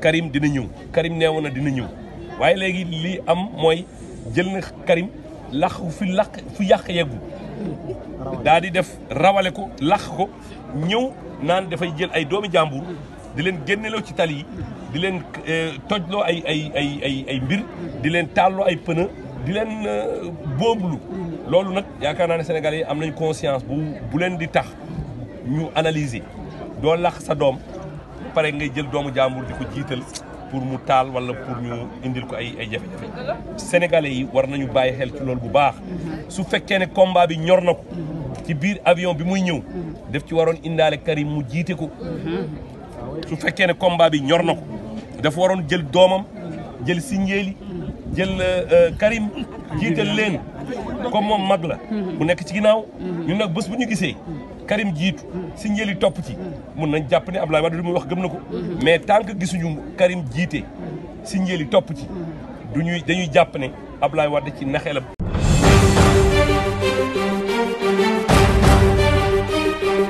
Karim dina ñëw Karim neewoon na dina ñëw waaye léegi li am mooy jël na Karim lax fi lax fu yàq yeggu daa di def rawale ko lax ko ñëw naan dafay jël ay doomi jàmbur di leen génneloo ci tali yi di leen euh, tojloo ay ay ay ay ay mbir di leen taalloo ay pneu di leen euh, booblu loolu nag yaakaar naa ne Sénégalais yi am nañ conscience bu bu leen di tax ñu analyser doo lax sa doom bu pare ngay jël doomu jàmbur di ko jiital pour mu taal wala pour ñu indil ko ay ay jafe-jafe yi war nañu bàyyi xel ci loolu bu baax su fekkee ne combat bi ñor na ko ci biir avion bi muy ñëw def ci waroon indaale Karim mu jiite ko su fekkee ne combat bi ñor na ko dafa waroon jël doomam jël Sindiély jël euh, euh, Karim jiital leen comme moom mag la bu nekk ci ginnaaw ñun nag bés bu ñu gisee Karim jiitu si njëli topp ci mun nañ jàpp ne Abdoulaye Wade lu muy wax gëm na ko mais tant que gisuñu Karim jiite si njëli topp ci du ñuy dañuy jàpp ne Abdoulaye Wade ci naxelam